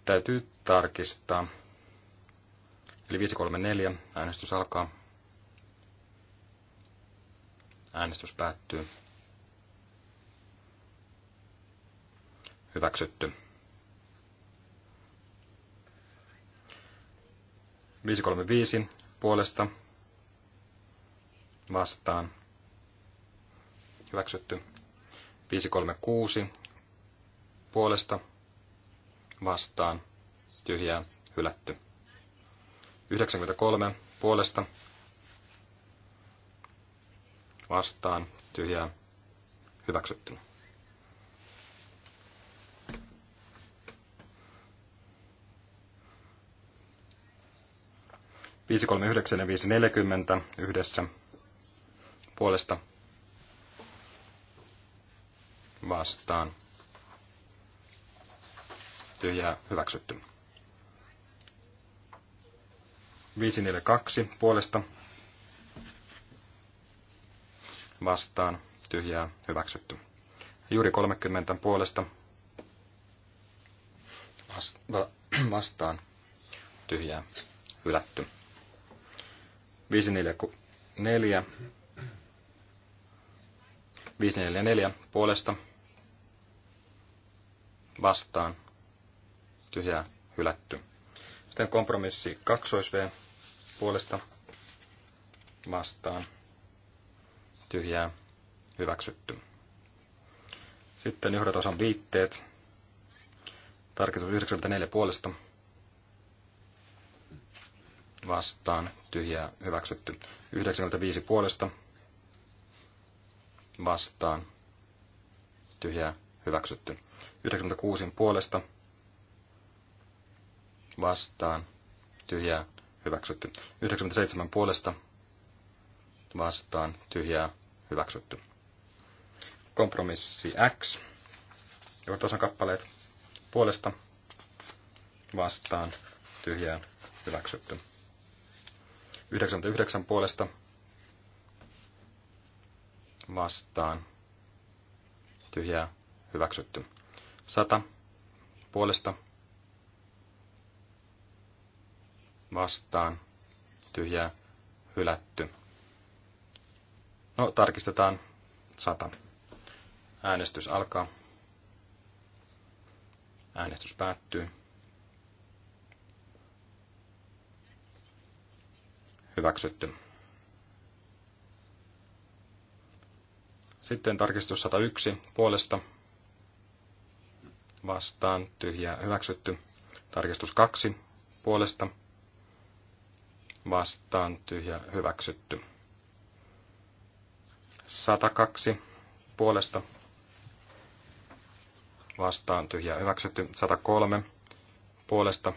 Täytyy tarkistaa. Eli 534, äänestys alkaa. Äänestys päättyy. Hyväksytty. 535 puolesta vastaan. Hyväksytty. 536 puolesta vastaan, tyhjää, hylätty. 93 puolesta vastaan, tyhjää, hyväksytty. Viisi kolme yhdeksän ja viisi neljäkymmentä yhdessä puolesta vastaan tyhjää hyväksytty. 542 puolesta vastaan tyhjää hyväksytty. Juuri 30 puolesta vastaan tyhjää hylätty. 544 544 puolesta vastaan tyhjää hylätty. Sitten kompromissi 2 V puolesta vastaan tyhjää hyväksytty. Sitten osan viitteet. Tarkistus 94 puolesta vastaan tyhjää hyväksytty. 95 puolesta vastaan tyhjää hyväksytty. 96 puolesta vastaan, tyhjää, hyväksytty. 97 puolesta vastaan, tyhjää, hyväksytty. Kompromissi X, tuossa on kappaleet puolesta vastaan, tyhjää, hyväksytty. 99 puolesta vastaan, tyhjää, hyväksytty. 100 puolesta vastaan, vastaan, tyhjää, hylätty. No, tarkistetaan 100. Äänestys alkaa. Äänestys päättyy. Hyväksytty. Sitten tarkistus 101 puolesta vastaan tyhjää hyväksytty. Tarkistus 2 puolesta vastaan tyhjä hyväksytty. 102 puolesta vastaan tyhjä hyväksytty. 103 puolesta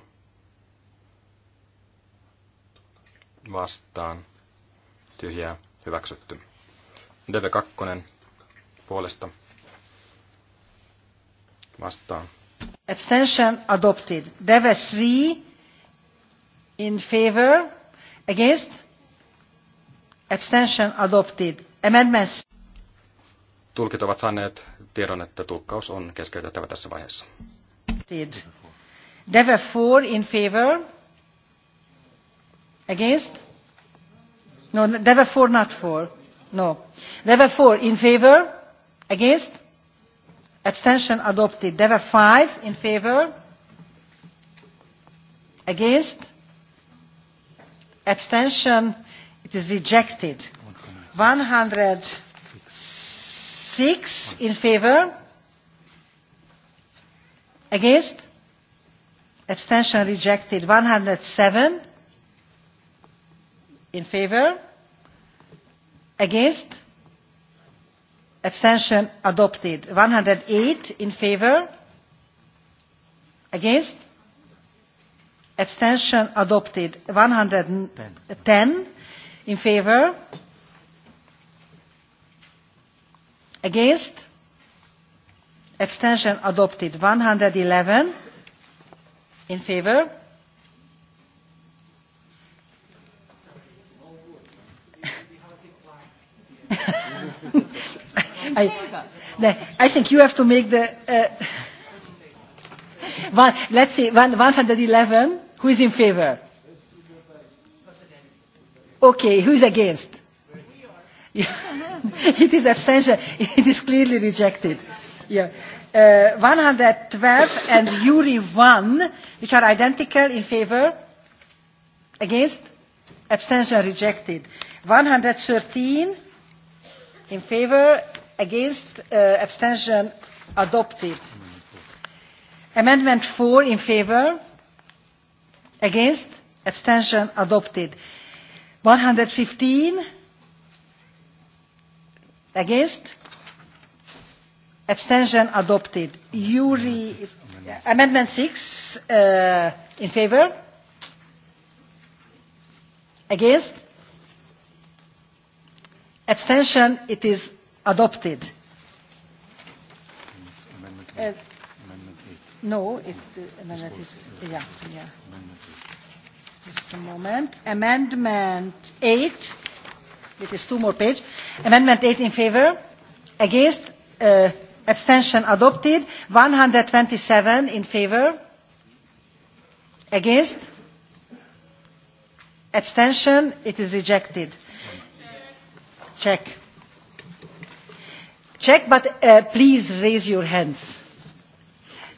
vastaan tyhjä hyväksytty. DV2 puolesta vastaan. Abstention adopted. DV3 in favor Against? Abstention adopted. Amendments. Tulkit ovat saaneet tiedon, että tulkkaus on keskeytettävä tässä vaiheessa. Deve four in favor. Against? No, there were four, not four. No. There were four in favor. Against? Abstention adopted. There were five in favor. Against? abstention it is rejected 106 in favor against abstention rejected 107 in favor against abstention adopted 108 in favor against abstention adopted 110 in favor against abstention adopted 111 in favor I, I think you have to make the uh, one, let's see one, 111 Who is in favor? Okay, who is against? it is abstention. It is clearly rejected. Yeah. Uh, 112 and URI 1, which are identical in favor, against, abstention rejected. 113 in favor, against, uh, abstention adopted. Amendment 4 in favor, against abstention adopted one hundred fifteen against abstention adopted Uri, is, amendment. six uh, in favor against abstention it is adopted uh, No, it, uh, amendment is, yeah, yeah. Just a moment. Amendment 8, it is two more page. Amendment 8 in favor, against, uh, abstention adopted, 127 in favor, against, abstention, it is rejected. Check. Check, but uh, please raise your hands.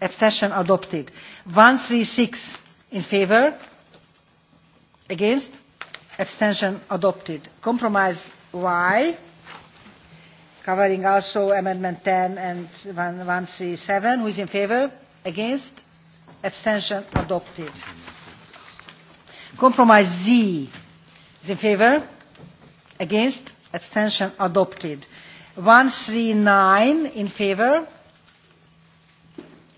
abstention adopted. 136 in favour against abstention adopted. compromise y covering also amendment 10 and 137 who is in favour against abstention adopted. compromise z is in favour against abstention adopted. 139 in favour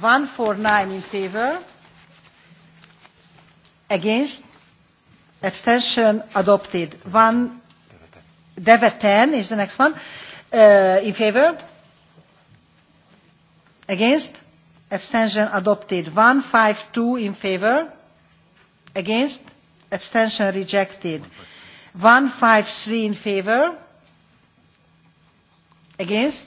149 in favor. Against. Abstention adopted. One, Dever 10 is the next one. Uh, in favor? Against? Abstention adopted. 152 in favor? Against? Abstention rejected. 153 in favor? Against?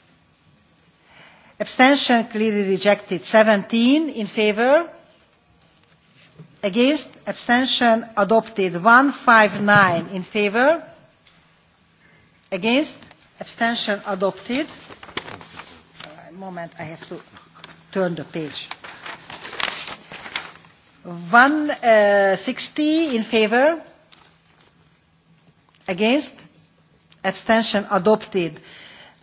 abstention clearly rejected seventeen in favour against abstention adopted one five nine in favour against abstention adopted moment i have to turn the page one uh, sixty in favour against abstention adopted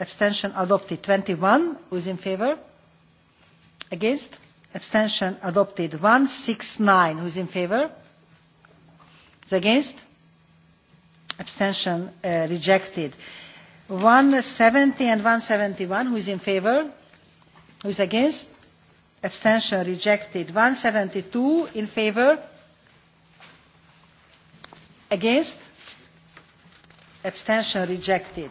abstention adopted 21 who is in favour? against abstention adopted 169 who is in favour is against abstention uh, rejected 170 and 171 who is in favour? who is against abstention rejected 172 in favour? against abstention rejected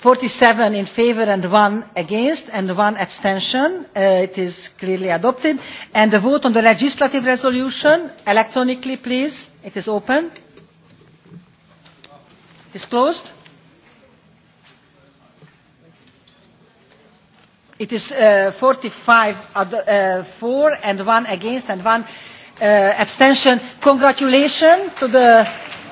47 in favour and 1 against and 1 abstention. Uh, it is clearly adopted. And the vote on the legislative resolution, electronically please. It is open. It is closed. It is uh, 45 uh, 4 and 1 against and 1 uh, abstention. Congratulations to the